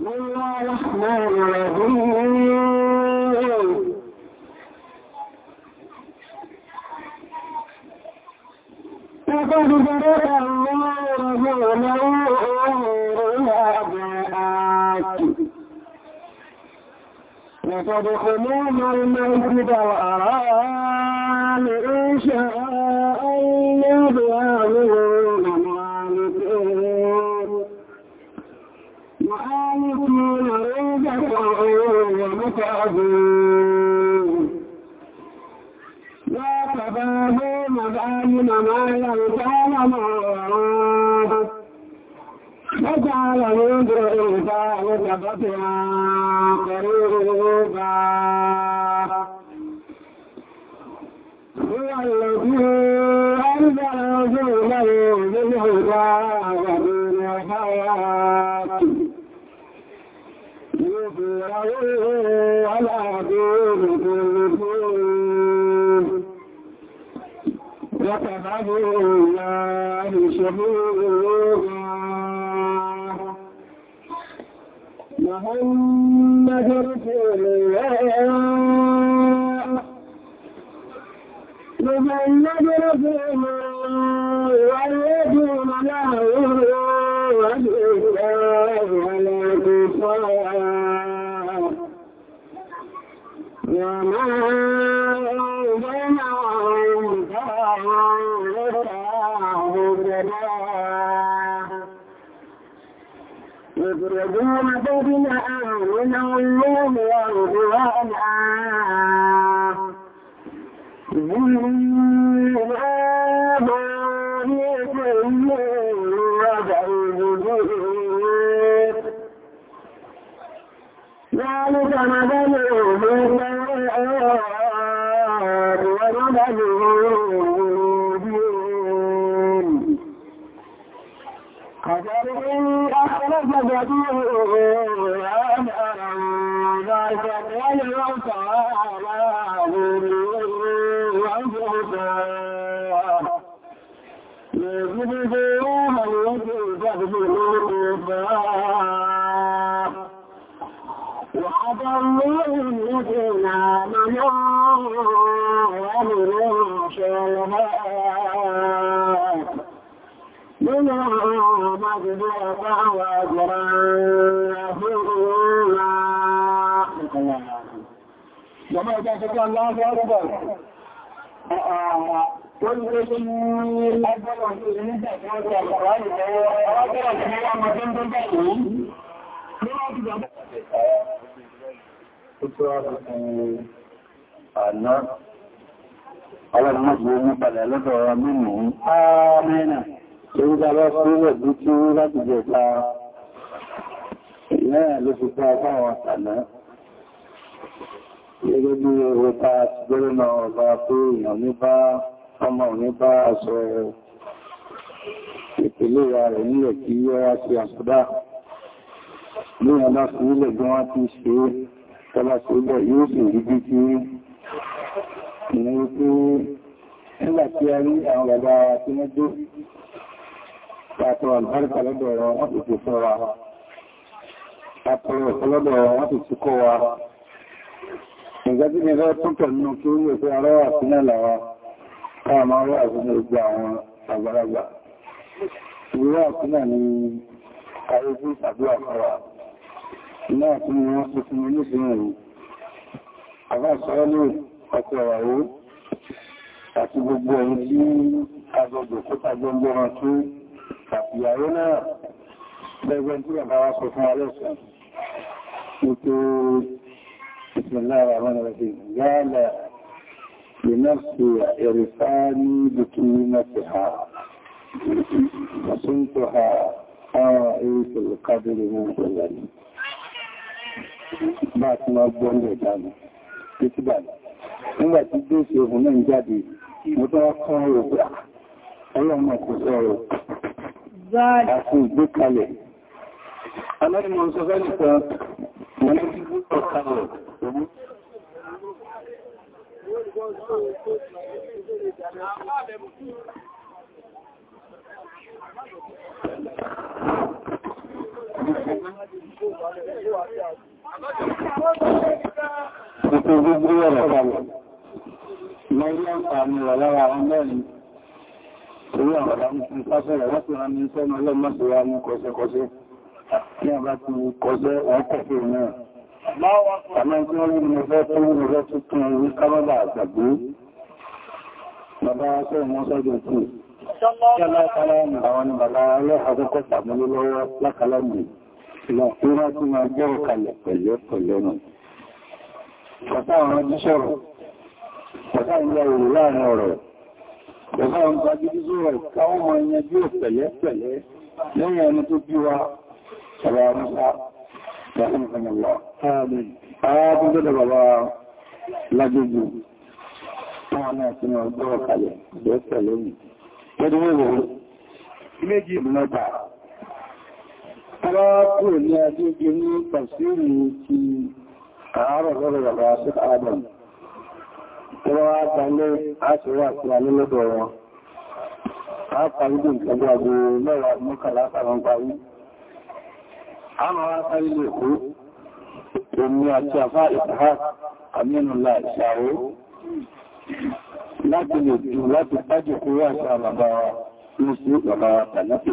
لقد خلونا المسجد وأرى لإن شاء أن يبعثوا تعبون لا تباهوا مظالم ما لو كان معروف وجعل يدر إنسان كفتها قريبا هو الذي أنزل رسوله بالهدى ودين الحياة على دين المسلمين وكفى بالله شهيدا محمد رسول الله محمد رسول الله والذين لا يرون يخرجون بين أعينهم اللوم ورضوانا ذلك ذلك مثل السوء ومثل الدين كزرع أخرج بديعه أمأرا ذاك غير طالب وفقا يجب ذروها التي تبذل الرفاق الذين آمنوا وعملوا الصالحات منها مغفرة وأجرا عظيما جماعة شكرا الله أكبر كل شيء أكبر من ذلك القرآن وأكبر من ذلك tó tó àbùkù àná ọlọ́mọ́sí omi padà lọ́dọ̀ ọ̀rọ̀ mímú ààmẹ́nà tó ń gbára fúnlẹ̀ bí tí ó láti jẹta náà ló fi pẹ́ ọgbọ́n àná gẹ́gẹ́ bí ọgbọ́ta ti gbẹ́rẹ́ náà ọba pé èèyàn ní bá ọmọ ìpìlẹ̀ rẹ̀ nílẹ̀ kí yọ́ra sí àṣọ́dá ní ọlá fúnlẹ̀ bí wọ́n ti ṣe tọ́lá sí ọgbọ̀ yóò sì rí bí tí ìrìn wípé nígbà tí a rí àwọn bàbá wa tí wọ́n jó pàtó àlùbáríkà lọ́dọ̀ ọ̀rọ̀ wọ́n sì ti fún wa àpẹẹrẹ ọ̀pọ̀lọ́dọ̀ ọ̀rọ̀ wọ́n sì ti kọ́ wa ìgbàtí ni tó pẹ̀lú nínú kí ó rí ẹ̀fẹ́ arọ́wà sí náà káà máa rọ́ náà tí wọ́n sọ fún oníṣẹ́rù àbáṣọ́lù ọkọ̀ ìwàwó àti gbogbo ẹni tí agbọ̀gbọ̀ kó tàgbọ́ gbọ́ran tó àpìyàwó náà lẹ́gbẹ́ tí bàbá wá sọ fún alẹ́sàn ètò ìsìnlára àwọn ọ̀rẹ́sìn yálà لنفسي إرفاني بكلمتها وصنتها من خلالي bá ti wá gbọ́ ilẹ̀ ìdáná títí báyìí nígbà tí dé ṣe òun náà jáde mo tó wá kọ́ ọ̀rọ̀ pé ah, ọlọ́mọ kò sọ̀rọ̀ àti ìgbékalẹ̀ alẹ́mọ̀ sọ fẹ́ ní kí púpọ̀ Thank you. Ìpò gbogbo ọ̀rọ̀ kalẹ̀. Lọ́rí àǹfààní wà lára àwọn mẹ́rin. Orí àwọn ọ̀dámù fún pásọ̀rọ̀ láti rán ní sọ́nà ọlọ́mọ́sọ̀rọ̀ àmú kọsẹkọsẹ. Ní àbá ti kọsẹ wọ́n kọfẹ́ náà. Àmọ́ tí wọ́n rí mo fẹ́ tó rí mo fẹ́ tuntun orí kábàbà àgbàgbé. Bàbá sọ́rọ̀ wọn sọ́jọ́ tù. Ṣọ́lá ìlàkúrá tó máa gbọ́rọ̀ kalẹ̀ pẹ̀lú pẹ̀lẹ́nà Bàbá àwọn ajíṣọ́rọ̀, bàbá ìyá òwò láàrin ọ̀rọ̀, bàbá àwọn gbajúgbí sọ́rọ̀ káwọn ọmọ ẹyẹn bí ò pẹ̀lẹ́ pẹ̀lẹ́ lẹ́yìn ẹni tó bí wa bàbá Musa, bàbá Mùsànàlá. Àwọn gbọ́dọ̀ bàbá lágbègbè, táwọn náà ti máa gbọ́rọ̀ kalẹ̀ wákò ní adébí ní tàṣírì ti àárọ̀ lọ́rọ̀ bàbá sí adam tí wọ́n wá tàlé wọn a parí bí mẹ́wàá mọ́kànlá parí a lè kó omi àti àfá láti lè jù láti wa ní sí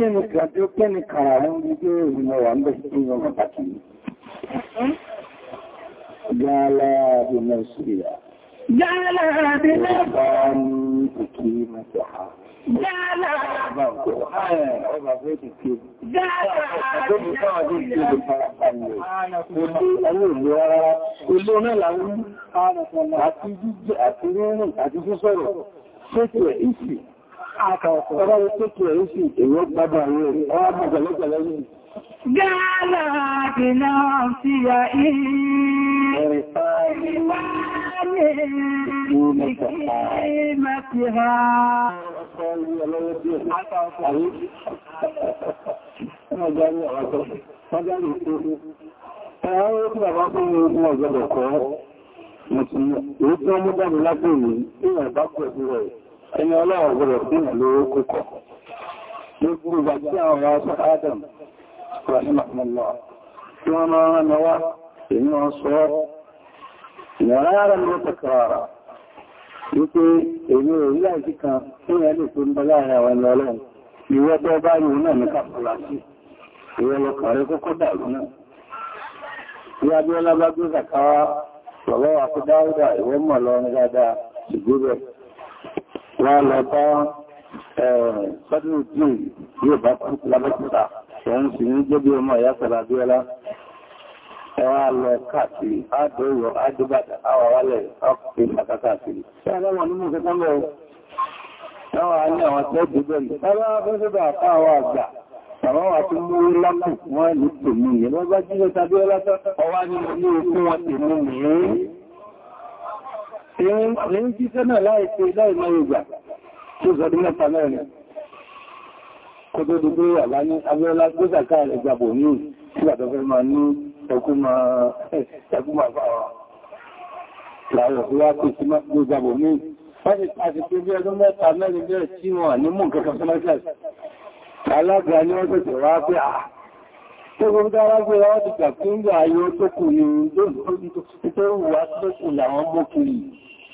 kíni kà tí ó kíni kàrà rẹ̀ ń gbé ìrìnà wà ń bẹ̀ sí ìyàn pàtàkì ní. Gáàlá bí Nàìjíríà. Gáàlá bí Nàìjíríà. Gáàlá bí Nàìjíríà. Gáàlá bí Nàìjíríà. Ọ̀rọ̀ ìpékè ẹ̀ sí èyàn gbádà rẹ̀, ya ìrìn, ẹ̀rẹ̀ta ìwá ní ìkí Ẹ̀rọ tí bàbá fún ẹni ọlọ́run gbọ́dọ̀ dínà lóró kókọ̀ gbogbo ìgbà tí àwọn ọ̀rọ̀ ọ̀sán Adam rahimahullá tí wọ́n máa rán mi wá èmi wọ́n sọ ìrànlára ló tàkàrà wípé èmi ò rí àìsí kan tí wọ́n lè tó ń ìwọ́ tó bá rí náà ní kàfùrà ìwọ́ lọkàn rẹ kókó dàrú náà bí abíọ́lá bá gbé zàkáwá bàbá wa dáúdà ìwọ́n mọ̀ lọ́rin dáadáa ìgbébẹ̀ wọ́n lọ bá sọ́dún ìdí yóò bá kú lábẹ́kúta òun sì ní jẹ́bí ọmọ ìyá sàràbíọ́lá ẹwà lọ káàkiri àdóòwò àdúgbàtà àwàwálẹ̀ ọkùnrin àkàkàkiri ṣẹ́lẹ́wọ̀n nínú kẹta mọ́ ẹwà ní àwọn tẹ́jú bẹ̀rẹ̀ ẹwà fẹ́sẹ̀bà àpáwà àgbà àwọn àti mú lápù wọ́n ní tèmi ìyẹn wọ́n bá jílẹ̀ tàbí ọlá Èyí ń jíṣẹ́ náà láìpé láìmọ́ ìgbà tó sọdún mẹ́ta mẹ́rin. Kò tó dùgbé àbá ní abẹ́ọ́lá tó sàkà rẹ̀ gbàbò ní ìgbàtọ̀fẹ́ máa ní ẹkú máa fàwà. Láàrẹ̀ fúwá kò sí máa gbàbò ní Fáṣì àti pé bí ọdún mẹ́ta mẹ́rin bẹ́ẹ̀ tí wọ́n ní mú nǹkan kọsọ́lá kíláàsì. Alága ni wọ́n tẹ̀tẹ̀ wá pé à tó gbogbo dára gbé wọ́n ti gbà fún ìgbà ayé tó kù ní tó wù wá tó kù làwọn mú kiri.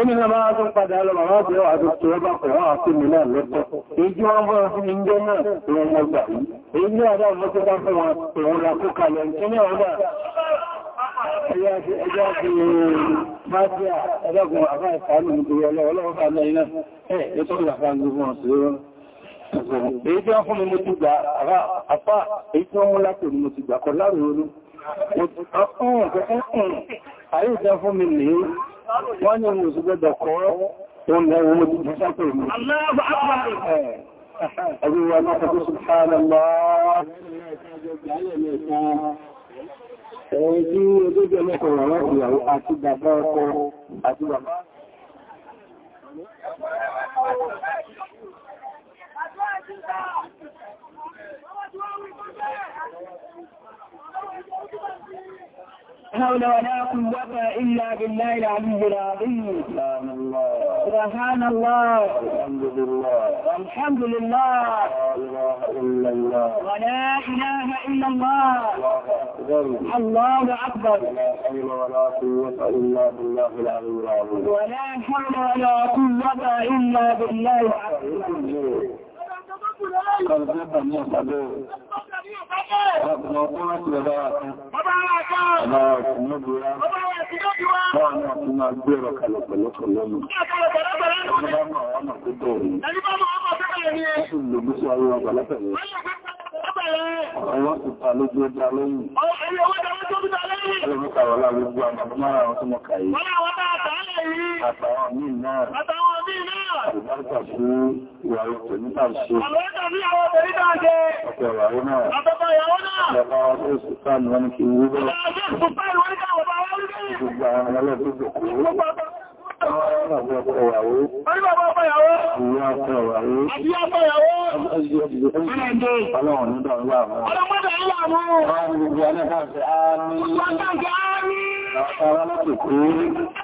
Onílẹ̀ máa tún padà lọ bàbá ọ̀pẹ̀ wà tó tó ọba pẹ̀lú àwọn tí mi náà lọ́pọ̀. Èjú wọn bọ́ sí ìjọ náà ìwọ̀n mọ̀ gbà. Èjú àdá ọmọ tó bá fún wọn ìwọ̀n ra kó kalẹ̀ tí ní ọ̀dá ẹjá fi mátíà ẹjọ́gun àbá ìfàánù nítorí ọlọ́wọ́lọ́wọ́ fàánù ẹ̀yìn náà. Ẹ̀ yóò tó ìlàfà ń gbogbo wọn sí lọ́rọ̀ èyí tí wọ́n fún mi mo ti gbà àrá àpá èyí tí wọ́n mú látò ní mo ti gbà kọ láàrin fún mi wọ́n ní ohun ìṣẹ́gbẹ́dọ̀ kọ́ ohun lẹ́wọ́n mọ́ ti sápẹ̀ ìlú. Àríwá náà kọjú Subhanallá. Ẹ̀yìn tí ogójẹ́ mẹ́kọ̀ọ̀rọ̀ wọ́n ìyàwó àti bàbá ọkọ àti bàbá. حول ولا قوة إلا بالله العلي العظيم سبحان الله سبحان الله والحمد لله الحمد لله لا إله إلا الله ولا إله إلا الله الله أكبر ولا حول ولا قوة إلا بالله العلي العظيم ولا حول ولا قوة إلا بالله العلي العظيم Àwọn ìpa ló jẹ́ dá lẹ́yìn. Ẹni owó jẹ́ wọ́n tó bí dá lẹ́yìn. Ẹlẹ́mí kàwọ́ láàrín gbogbo àwọn ọmọ àwọn tó mọ̀ kàí. Wọ́n láwọn bá àtàálẹ̀ yìí. Àtàwọn mí náà. Àtàwọn mí náà. Ìgbàlùkà fún ìwà ìtò nípa ṣe. Àwọn ẹ̀dà ní àwọn ọ̀tẹ̀ nípa ṣe. Ọ̀pẹ̀ ìwà náà. Àtọ́kọ̀ ìyàwó náà. Ìjọba ọdún ìsìnkà ni wọ́n ní kí wúrọ́. Ìjọba ọdún ìsìnkà ni wọ́n ní kí wúrọ́. Gbogbo àwọn ọlọ́dún ìjọkú. Ọlọ́pàá ìyàwó. Ọlọ́pàá ìyàwó. Ìyá ọ̀pọ̀ ìyàwó. Àbí ọ̀pọ̀ ìyàwó. Ọlọ́run ní dọ̀rọ̀ àwọn. Ọlọ́pàá ìyàwó. Ọlọ́pàá ìyàwó. Ọlọ́pàá ìyàwó.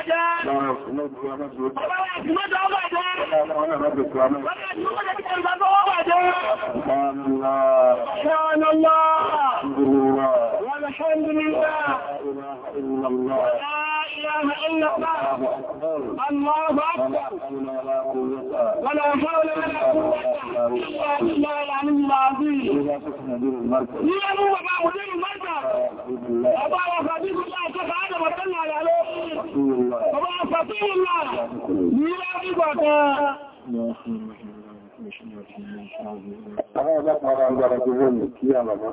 سبحان الله والحمد لله لا اله الا الله إله إلا الله الله أكبر ولا حول ولا قوة إلا بالله العلي العظيم يا هو مدير المركز أبا يا خبيب الله كفى هذا وصلنا على Bàbá Àwọn ọ̀dọ́pàá ń gbára gbogbo ní kí àmàmà.